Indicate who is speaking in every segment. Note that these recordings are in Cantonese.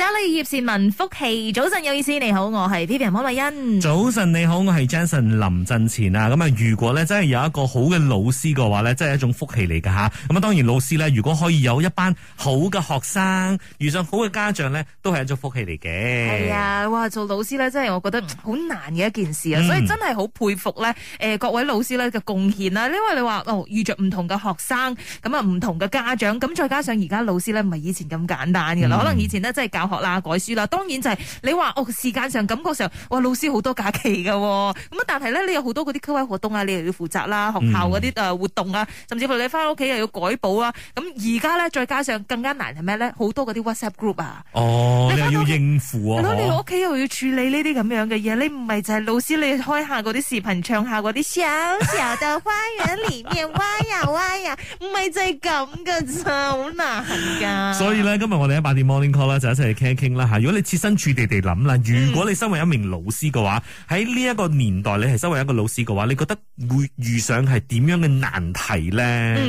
Speaker 1: 謝你葉善文福氣，早晨有意思，你好，我係 P P R 潘麗欣。
Speaker 2: 早晨你好，我係 Jason 林振前啊。咁啊，如果咧真係有一個好嘅老師嘅話咧，真係一種福氣嚟噶吓。咁啊，當然老師咧，如果可以有一班好嘅學生，遇上好嘅家長咧，都係一種福氣嚟嘅。係啊，
Speaker 1: 哇，做老師咧真係我覺得好難嘅一件事啊。嗯、所以真係好佩服咧，誒，各位老師咧嘅貢獻啦。因為你話哦，遇着唔同嘅學生，咁啊唔同嘅家長，咁再加上而家老師咧唔係以前咁簡單噶啦，嗯、可能以前呢，真係教。學啦，改書啦，當然就係你話哦，時間上感覺上，哇，老師好多假期噶咁但係咧，你有好多嗰啲課外活動啊，你又要負責啦，學校嗰啲活動啊，甚至乎你翻屋企又要改補啊，咁而家咧，再加上更加難係咩咧？好多嗰啲 WhatsApp group 啊，
Speaker 2: 哦，你要應付啊，咁你屋
Speaker 1: 企又要處理呢啲咁樣嘅嘢。你唔係就係老師你開下嗰啲視頻，唱下嗰啲《小小到花園裏面》，彎呀彎呀，唔係就係咁噶咋，好難噶所
Speaker 2: 以咧，今日我哋喺八點 morning call 咧，就一齊。傾傾啦嚇！如果你切身處地地諗啦，如果你身為一名老師嘅話，喺呢一個年代，你係身為一個老師嘅話，你覺得會遇上係點樣嘅難題咧？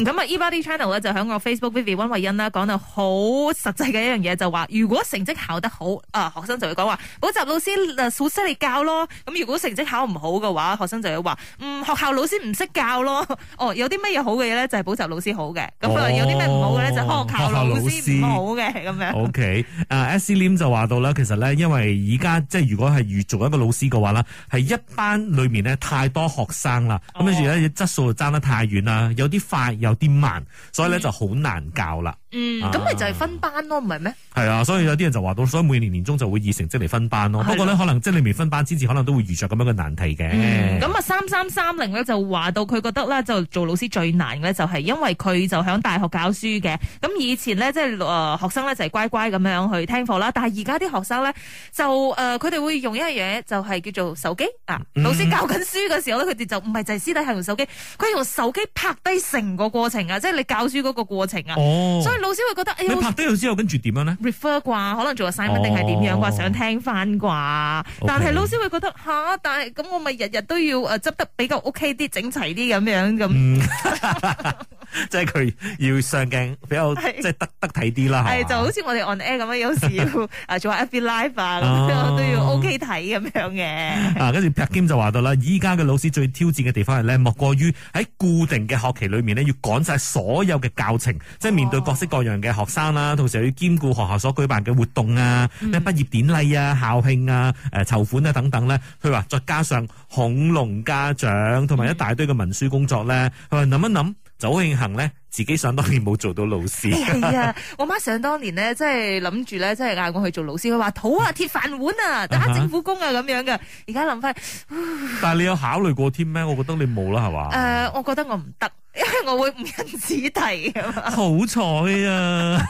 Speaker 1: 咁啊、嗯、e b o d y Channel 就喺個 Facebook Vivian 温慧欣啦，講到好實際嘅一樣嘢，就話如果成績考得好，啊、呃、學生就會講話補習老師好犀利教咯。咁如果成績考唔好嘅話，學生就會話嗯學校老師唔識教咯。哦，有啲乜嘢好嘅嘢咧，就係、是、補習老師好嘅。咁、哦、有啲咩唔好嘅咧，就係、學校老師唔好嘅咁樣。哦、 o、
Speaker 2: okay. K、uh, 阿斯廉就話到啦，其實咧，因為而家即係如果係預做一個老師嘅話咧，係一班裏面咧太多學生啦，咁跟住咧質素爭得太遠啦，有啲快有啲慢，所以咧就好難教啦。
Speaker 1: 嗯，咁咪、啊、就係分班咯，唔係咩？
Speaker 2: 係啊，所以有啲人就話到，所以每年年中就會以成績嚟分班咯。是的 不過咧，可能即係你未分班之前，可能都會遇着咁樣嘅難題嘅。
Speaker 1: 咁啊，三三三零咧就話到，佢覺得咧就做老師最難嘅就係因為佢就響大學教書嘅。咁以前咧，即係誒學生咧就係乖乖咁樣去聽課啦。但係而家啲學生咧就誒，佢、呃、哋會用一樣嘢就係、是、叫做手機啊。老師教緊書嘅時候咧，佢哋、嗯、就唔係就係私底下用手機，佢係用手機拍低成個過程啊，即、就、係、是、你教書嗰個過程啊。所以、哦。老師會覺得，你拍低
Speaker 2: 之後跟住點樣咧
Speaker 1: ？refer 啩，可能做個 summary 定係點樣啩，想聽翻啩。Okay. 但係老師會覺得吓、啊，但係咁我咪日日都要誒執、啊、得比較 OK 啲，整齊啲咁樣咁。Mm.
Speaker 2: 即係佢要上鏡比較是即係得得睇啲啦，係就
Speaker 1: 好似我哋 on air 咁啊，有時要啊做下 FB Live、 OK、啊，咁樣都要 O K 睇咁
Speaker 2: 樣嘅。啊，跟住 p 撇金就話到啦，依家嘅老師最挑戰嘅地方係咧，莫過於喺固定嘅學期裏面呢，要趕晒所有嘅教程，即係面對各式各樣嘅學生啦，哦、同時要兼顧學校所舉辦嘅活動啊，咩畢、嗯、業典禮啊、校慶啊、誒籌款啊等等咧。佢話再加上恐龍家長同埋一大堆嘅文書工作咧，佢話諗一諗。早慶幸呢。自己想當年冇做到老師，
Speaker 1: 係 啊！我媽想當年咧，即係諗住咧，即係嗌我去做老師，佢話好啊，鐵飯碗啊，打政府工啊，咁樣噶。而家諗翻，但係
Speaker 2: 你有考慮過添咩？我覺得你冇啦，係嘛？
Speaker 1: 誒、呃，我覺得我唔得，因為我會誤人子弟。好
Speaker 2: 彩啊！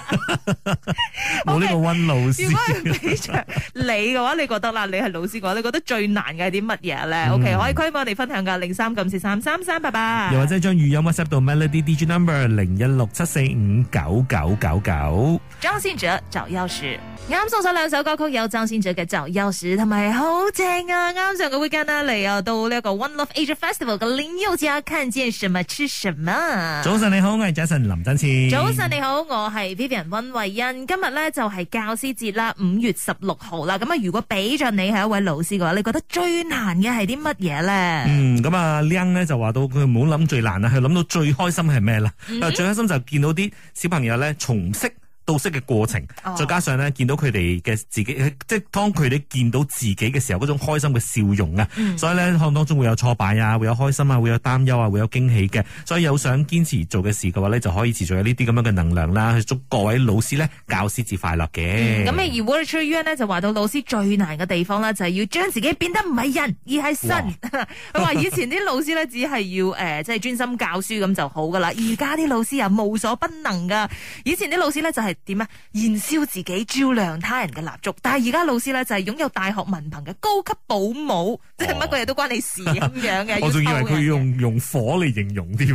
Speaker 2: 我呢個溫老師， 如果俾着
Speaker 1: 你嘅話，你覺得啦，你係老師嘅話，你覺得最難嘅係啲乜嘢咧？OK，可以幫我哋分享噶零三九三三三，拜拜。又
Speaker 2: 或者將語音到 melody DJ number。零一六七四五九九九九，
Speaker 1: 張信哲，找鑰匙，啱送上兩首歌曲，有張信哲嘅《找鑰匙》同埋好正啊！啱上個 weekend 啦，嚟到呢一個 One Love Asia Festival，嘅《Lily 個林宥嘉看見什麼吃什麼。早晨
Speaker 2: 你好，我係 Jason 林振市。早晨你
Speaker 1: 好，我係 Vivian 温慧欣。今日咧就係教師節啦，五月十六號啦。咁啊，如果俾咗你係一位老師嘅話，你覺得最難嘅係啲乜嘢咧？嗯、
Speaker 2: 咁、嗯、啊、靚、嗯、咧、嗯嗯嗯嗯嗯、就話到佢唔好諗最難啊，係諗到最開心係咩啦？啊！最開心就係見到啲小朋友咧，從識。道識嘅過程，哦、再加上咧見到佢哋嘅自己，即係當佢哋見到自己嘅時候，嗰種開心嘅笑容啊，嗯、所以咧看當中會有挫敗啊，會有開心啊，會有擔憂啊，會有驚喜嘅，所以有想堅持做嘅事嘅話咧，就可以持續有呢啲咁樣嘅能量啦，去祝各位老師咧教師節快樂嘅。咁而
Speaker 1: Walter Yuan 咧就話到老師最難嘅地方啦，就係要將自己變得唔係人而係神。佢話哇 以前啲老師咧只係要誒即係專心教書咁就好噶啦，而家啲老師啊無所不能噶，以前啲老師咧就係、是。點啊！燃燒自己照亮他人嘅蠟燭，但係而家老師咧就係、是、擁有大學文憑嘅高級保姆，哦、即係乜鬼嘢都關你事咁樣嘅。 我仲以為佢用
Speaker 2: 用火嚟形容添，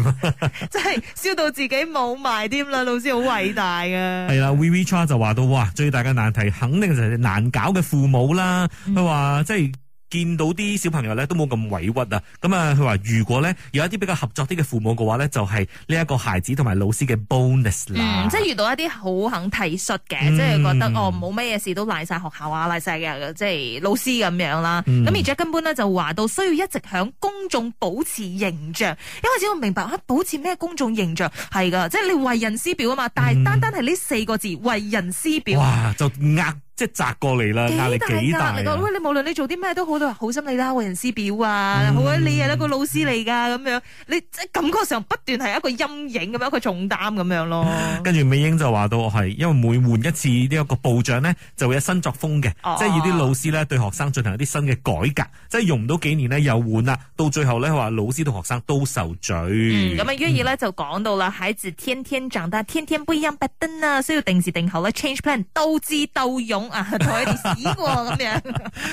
Speaker 2: 即
Speaker 1: 係燒到自己冇埋添啦。老師好偉大啊！係
Speaker 2: 啦、 啊、Vivchar 就話到哇，最大嘅難題肯定就係難搞嘅父母啦。佢話、嗯、即係。見到啲小朋友咧都冇咁委屈啊！咁啊，佢話如果咧有一啲比較合作啲嘅父母嘅話咧，就係呢一個孩子同埋老師嘅 bonus 啦、嗯。即係
Speaker 1: 遇到一啲好肯體恤嘅，嗯、即係覺得哦冇咩事都賴晒學校啊，賴晒嘅，即係老師咁樣啦。咁、嗯、而且根本咧就話到需要一直響公眾保持形象。一開始我明白啊，保持咩公眾形象係噶，即係你為人師表啊嘛。嗯、但係單單係呢四個字為人師表，哇就呃。即係
Speaker 2: 砸過嚟啦，壓力幾大嚟講。喂，
Speaker 1: 你無論你做啲咩都好，都好心理啦，為人師表啊，好啊、嗯、你啊，一個老師嚟㗎咁樣。你即係感覺上不斷係一個陰影咁樣，一個重擔咁樣咯。
Speaker 2: 跟住美英就話到係，因為每換一次呢一、這個部長咧，就會有新作風嘅，哦、即係要啲老師咧對學生進行一啲新嘅改革。即係用唔到幾年咧又換啦，到最後咧話老師同學生都受罪。咁啊、嗯，於是咧
Speaker 1: 就講到啦，孩子天天長大，天天不一樣，不等啊，需要定時定候啦，change plan，鬥智鬥勇。
Speaker 2: 啊，同佢哋死過咁樣，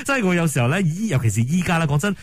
Speaker 2: 真係我有時候咧，尤其是依家咧。講真，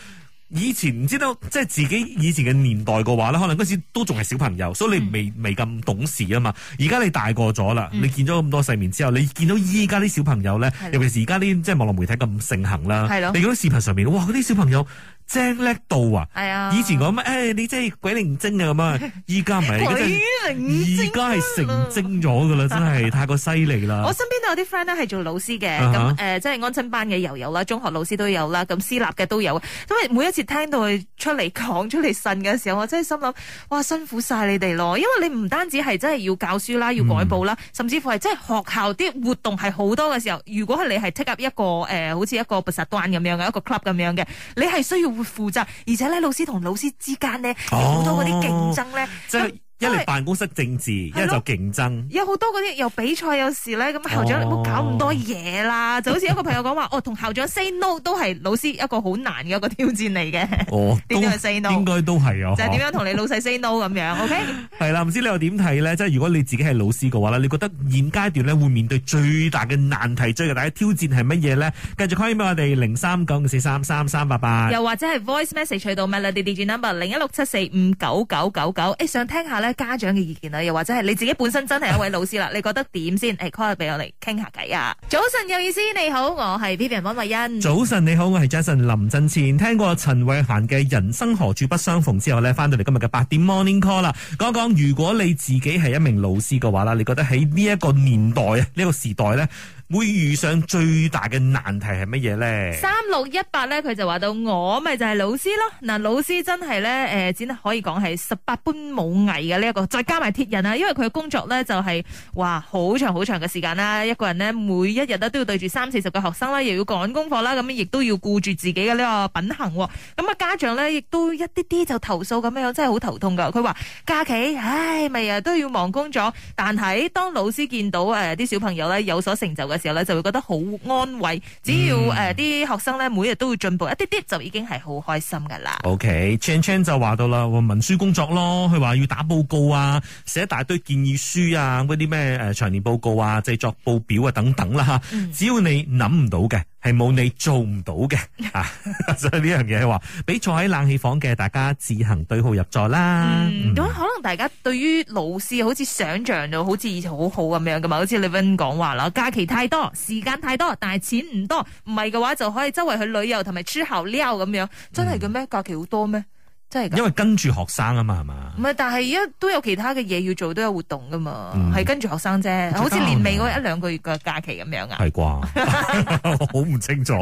Speaker 2: 以前唔知道，即係自己以前嘅年代嘅話咧，可能嗰時都仲係小朋友，嗯、所以你未未咁懂事啊嘛。而家你大過咗啦，嗯、你見咗咁多世面之後，你見到依家啲小朋友咧，的尤其是而家啲即係網絡媒體咁盛行啦。的你見到視頻上面，哇，嗰啲小朋友。正叻到啊！哎、呦 以前講乜誒？你真係鬼靈精啊！咁啊，依家唔係鬼靈精，依家係成精咗噶啦！真係太過犀利啦！ 我
Speaker 1: 身邊都有啲 friend 咧係做老師嘅，咁誒即係安親班嘅又有啦，中學老師都有啦，咁私立嘅都有。因每一次聽到佢出嚟講、出嚟呻嘅時候，我真係心諗哇，辛苦晒你哋咯！因為你唔單止係真係要教書啦，要改簿啦，嗯、甚至乎係真係學校啲活動係好多嘅時候。如果你係 take up 一個誒、呃，好似一個 brass band 咁樣嘅一個 club 咁樣嘅，你係需要。會負責，而且咧，老師同老師之間咧，有好、哦、多嗰啲競爭咧。即係是。一嚟辦
Speaker 2: 公室政治，一就競爭，
Speaker 1: 有好多嗰啲又比賽，有時咧咁校長你冇、哦、搞咁多嘢啦，就好似一個朋友講話， 哦同校長 say no 都係老師一個好難嘅一個挑戰嚟嘅，哦
Speaker 2: 點樣，say no？應該都係啊，就係點樣同
Speaker 1: 你老細 say no 咁樣 ，OK，
Speaker 2: 係啦，唔知你又點睇咧？即係如果你自己係老師嘅話咧，你覺得現階段咧會面對最大嘅難題、最大嘅挑戰係乜嘢咧？繼續開俾我哋零三九四三三三八八，又
Speaker 1: 或者係 voice message 渠道咩啦？Melody 嘅 number 零一六七四五九九九九，99 99. 誒想聽下咧。家長嘅意見啦，又或者係你自己本身真係一位老師啦，啊、你覺得點先？誒，call 下俾我嚟傾下偈啊！早晨，有意思，你好，我係 Vivian 溫慧欣。早
Speaker 2: 晨，你好，我係 Jason 林振前。聽過陳慧嫻嘅《人生何處不相逢》之後咧，翻到嚟今日嘅八點 Morning Call 啦，講講如果你自己係一名老師嘅話啦，你覺得喺呢一個年代啊，呢、這個時代咧？會遇上最大嘅難題係乜嘢咧？三
Speaker 1: 六一八咧，佢就話到我咪就係老師咯。嗱，老師真係咧，誒、呃，只可以講係十八般武藝嘅呢一個，再加埋鐵人啊，因為佢嘅工作咧就係、是、哇好長好長嘅時間啦，一個人咧每一日咧都要對住三四十個學生啦，又要趕功課啦，咁亦都要顧住自己嘅呢個品行。咁啊，家長咧亦都一啲啲就投訴咁樣，真係好頭痛㗎。佢話假期唉，咪啊都要忙工作，但係當老師見到誒啲、呃、小朋友咧有所成就嘅時候咧就會覺得好安慰，只要誒啲、呃、學生咧每日都會進步一啲啲，就已經係好開心噶啦。
Speaker 2: OK，Chan、okay, Chan 就話到啦、哦，文書工作咯，佢話要打報告啊，寫一大堆建議書啊，嗰啲咩誒長年報告啊，製作報表啊等等啦、啊、吓，只要你諗唔到嘅。嗯係冇你做唔到嘅，啊！ 所以呢樣嘢話，俾坐喺冷氣房嘅大家自行對號入座啦。
Speaker 1: 咁、嗯嗯、可能大家對於老師好似想象到好似以前好好咁樣噶嘛？好似你李斌講話啦，假期太多，時間太多，但係錢唔多，唔係嘅話就可以周圍去旅遊同埋出後撩咁樣，真係嘅咩？嗯、假期好多咩？因為
Speaker 2: 跟住學生啊嘛，係嘛？
Speaker 1: 唔係，但係而家都有其他嘅嘢要做，都有活動噶嘛，係、嗯、跟住學生啫。好似年尾嗰一兩個月嘅假期咁樣啊？係
Speaker 2: 啩？好唔清楚。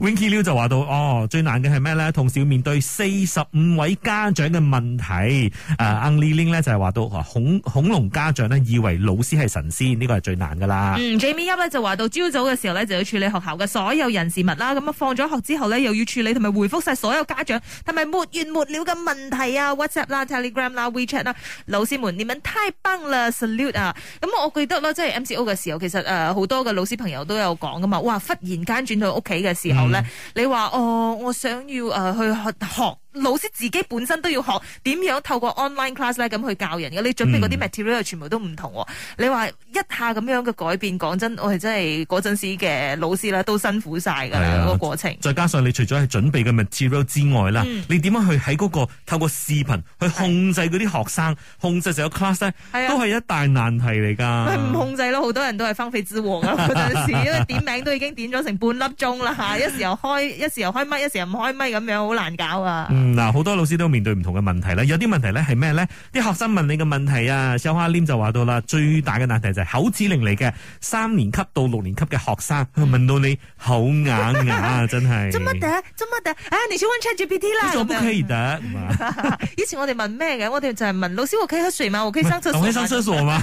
Speaker 2: Winky Liu 就話到哦，最難嘅係咩咧？同時要面對四十五位家長嘅問題。誒，Ang Li Ling 咧就係話到恐恐龍家長呢，以為老師係神仙，呢個係最難噶啦。
Speaker 1: Jimmy One 咧就話到，朝早嘅時候咧就要處理學校嘅所有人事物啦。咁啊，放咗學之後咧又要處理，同埋回覆晒所有家長，係咪沒完沒了？嘅問題啊，WhatsApp 啦、Telegram 啦、啊、Tele 啊、WeChat 啦、啊，老師們，你們太棒啦，Salute 啊！咁我記得咯，即、就、係、是、MCO 嘅時候，其實誒好、呃、多嘅老師朋友都有講噶嘛，哇！忽然間轉到屋企嘅時候咧，嗯、你話哦，我想要誒、呃、去學學。老師自己本身都要學點樣透過 online class 咧，咁去教人嘅，你準備嗰啲 material 全部都唔同，哦。嗯、你話一下咁樣嘅改變，講真，我係真係嗰陣時嘅老師啦，都辛苦晒噶啦個過程。
Speaker 2: 再加上你除咗係準備嘅 material 之外啦，嗯、你點樣去喺嗰、那個透過視頻去控制嗰啲學、啊、學生，控制成個 class 咧，啊、都係一大難題嚟噶。唔
Speaker 1: 控制咯，好多人都係荒廢之王啊！嗰陣 時因為點名都已經點咗成半粒鐘啦，一時又開，一時又開咪，一時又唔開咪咁樣，好難搞啊！
Speaker 2: 嗱，好多老師都面對唔同嘅問題咧，有啲問題咧係咩咧？啲學生問你嘅問題啊，小阿廉就話到啦，最大嘅難題就係口指令嚟嘅，三年級到六年級嘅學生問到你口啞啞啊，真係做乜
Speaker 1: 嘢？做乜嘢？啊，你先揾 ChatGPT 啦，以前我哋問咩嘅？我哋就係問老師，我可以喝水嗎？我可以上廁所？可以上廁所嘛？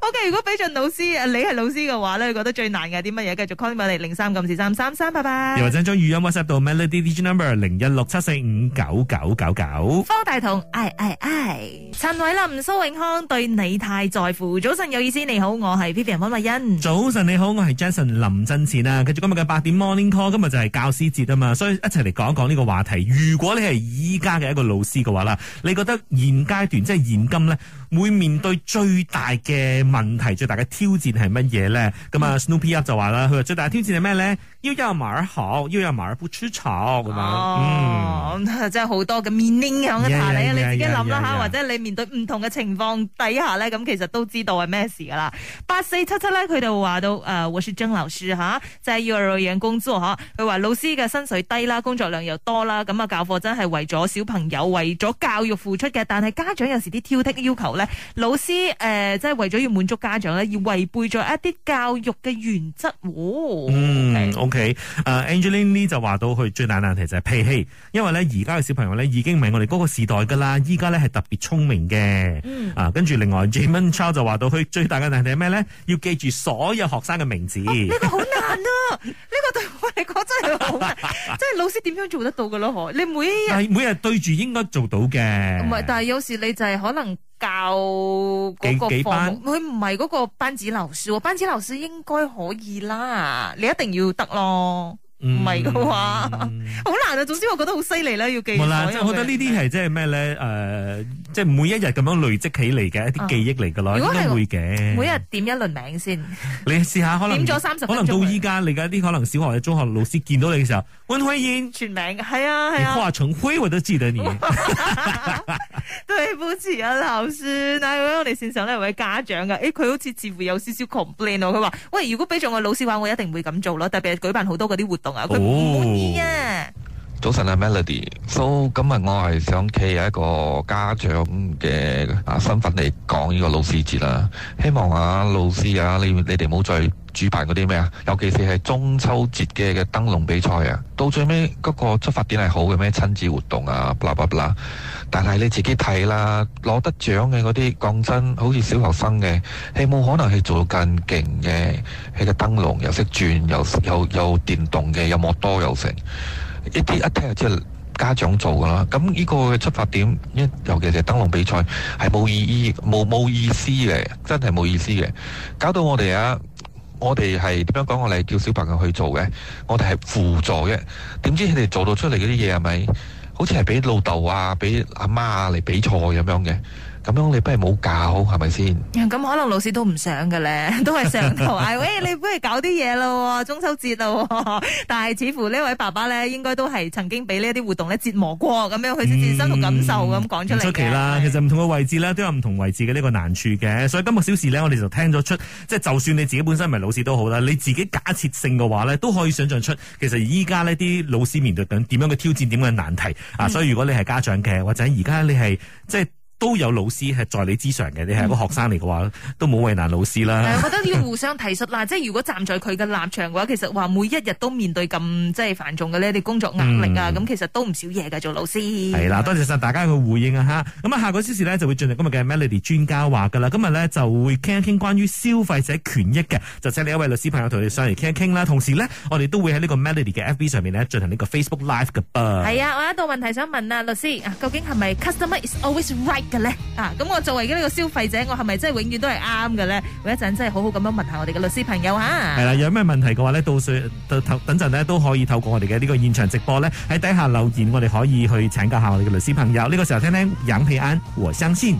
Speaker 1: OK，如果比俊老師，你係老師嘅話咧，你覺得最難嘅係啲乜嘢？繼續 call 我哋零三九四三三三，03, 3, 3, 3, 3, 拜拜。又或者
Speaker 2: 將語音 WhatsApp 到 Melody Digi Number 零一六七四五九九九九。
Speaker 1: 方大同，唉唉唉，陳偉林、蘇永康，對你太在乎。早晨有意思，你好，我係 Vivian 方慧欣。早晨你
Speaker 2: 好，我係 Jason 林振前啊。繼續今日嘅八點 Morning Call，今日就係教師節啊嘛，所以一齊嚟講一講呢個話題。如果你係依家嘅一個老師嘅話啦，你覺得現階段即係現今咧，會面對最大嘅？問題最大嘅挑戰係乜嘢咧？咁啊、嗯，Snoopy Up 就話啦，佢話最大嘅挑戰係咩咧？又要馬兒好，又要馬兒唔食草咁啊！哦、oh,
Speaker 1: 嗯，即係好多嘅 meaning 響個茶裏，yeah, yeah, 你自己諗啦嚇，yeah, yeah, yeah 或者你面對唔同嘅情況底下咧，咁其實都知道係咩事噶啦。八四七七咧，佢就話到誒，我是張老師嚇，即係要養工資嚇。佢、啊、話老師嘅薪水低啦，工作量又多啦，咁啊教課真係為咗小朋友，為咗教育付出嘅，但係家長有時啲挑剔要求咧，老師誒、呃呃、即係為咗要求求。滿足家長咧，而違背咗一啲教育嘅原則。Oh, okay.
Speaker 2: 嗯，OK，誒、uh, Angelina 就話到佢最大嘅難題就係脾氣，因為咧而家嘅小朋友咧已經唔係我哋嗰個時代噶啦，依家咧係特別聰明嘅。嗯、啊，跟住另外，James Charles 就話到佢最大嘅難題係咩咧？要記住所有學生嘅名字。
Speaker 1: 呢、哦這個好難啊！呢 個對我嚟講真係好難，即係 老師點樣做得到嘅咯？你每日
Speaker 2: 每日對住應該做到嘅。唔
Speaker 1: 係，但係有時你就係可能。教嗰個班，佢唔係嗰個班主任老師，班主任老師應該可以啦。你一定要得咯，唔係嘅話好、嗯、 難啊。總之我覺得好犀利啦，要記住。唔係，即係我覺得是是呢啲係
Speaker 2: 即係咩咧？誒、呃。即係每一日咁樣累積起嚟嘅一啲記憶嚟嘅咯，啊、應該會嘅。每
Speaker 1: 日點一輪名先，
Speaker 2: 你試下可能點咗三十，可能到依家你嘅一啲可能小學或者中學老師見到你嘅時候，
Speaker 1: 温開燕，全名係啊係啊，華
Speaker 2: 晨輝我都記得你。
Speaker 1: 哇 對不起啊，老師 啊，師但我哋線上呢位家長嘅，誒、欸、佢好似似乎有少少 complain 喎，佢話：喂，如果俾仲我老師話，我一定會咁做咯，特別係舉辦好多嗰啲活動啊，佢唔滿意啊。Oh. 早晨
Speaker 2: 啊，Melody，so 今日我係想企一個家長嘅啊身份嚟講呢個老師節啦，希望啊老師啊，你你哋唔好再主辦嗰啲咩啊，尤其是係中秋節嘅嘅燈籠比賽啊，到最尾嗰個出發點係好嘅咩親子活動啊，blah blah blah 但係你自己睇啦，攞得獎嘅嗰啲，講真，好似小學生嘅係冇可能係做咁勁嘅，係個燈籠又識轉又又又電動嘅，又莫多又成。一啲一聽就知係家長做㗎喇，咁呢個嘅出發點，一尤其是燈籠比賽係冇意義、冇冇意思嘅，真係冇意思嘅，搞到我哋啊，我哋係點樣講？我哋係叫小朋友去做嘅，我哋係輔助嘅，點知佢哋做到出嚟嗰啲嘢係咪？好似係俾老豆啊，俾阿媽啊嚟比賽咁樣嘅，咁樣你不如冇教，係咪先？
Speaker 1: 咁、嗯、可能老師都唔想嘅咧，都係上堂嗌、 哎：，你不如搞啲嘢咯，中秋節咯。 但係似乎呢位爸爸咧，應該都係曾經俾呢一啲活動咧折磨過，咁樣佢先至身同感受咁講出嚟唔出奇啦，
Speaker 2: 是其實唔同嘅位置咧，都有唔同位置嘅呢、這個難處嘅。所以今個小時咧，我哋就聽咗出，即、就、係、是、就算你自己本身唔係老師都好啦，你自己假設性嘅話咧，都可以想象出，其實依家呢啲老師面對緊點樣嘅挑戰，點樣嘅難題。啊，所以如果你係家長嘅，或者而家你係即係。都有老師係在你之上嘅，你係一個學生嚟嘅話，嗯、都冇為難老師啦。我覺得要互
Speaker 1: 相提述啦， 即係如果站在佢嘅立場嘅話，其實話每一日都面對咁即係繁重嘅呢啲工作壓力啊，咁、嗯、其實都唔少嘢嘅做老師。係啦，多
Speaker 2: 謝晒大家嘅回應啊！吓，咁啊，下個小時呢，就會進行今日嘅 Melody 專家話嘅啦。今日呢，就會傾一傾關於消費者權益嘅，就請你一位律師朋友同你上嚟傾一傾啦。同時呢，我哋都會喺呢個 Melody 嘅 FB 上面呢，進行呢個 Facebook Live 嘅噃。係啊，我
Speaker 1: 有一道問題想問啊，律師、啊、究竟係咪 customer is always right？嘅咧啊，咁、嗯、我作為呢個消費者，我係咪真係永遠都係啱嘅咧？我一陣真係好好咁樣問下我哋嘅律
Speaker 2: 師朋友吓。係啦，有咩問題嘅話咧，到時到透等陣咧都可以透過我哋嘅呢個現場直播咧喺底下留言，我哋可以去請教下我哋嘅律師朋友。呢、這個時候聽聽飲氣安和聲先。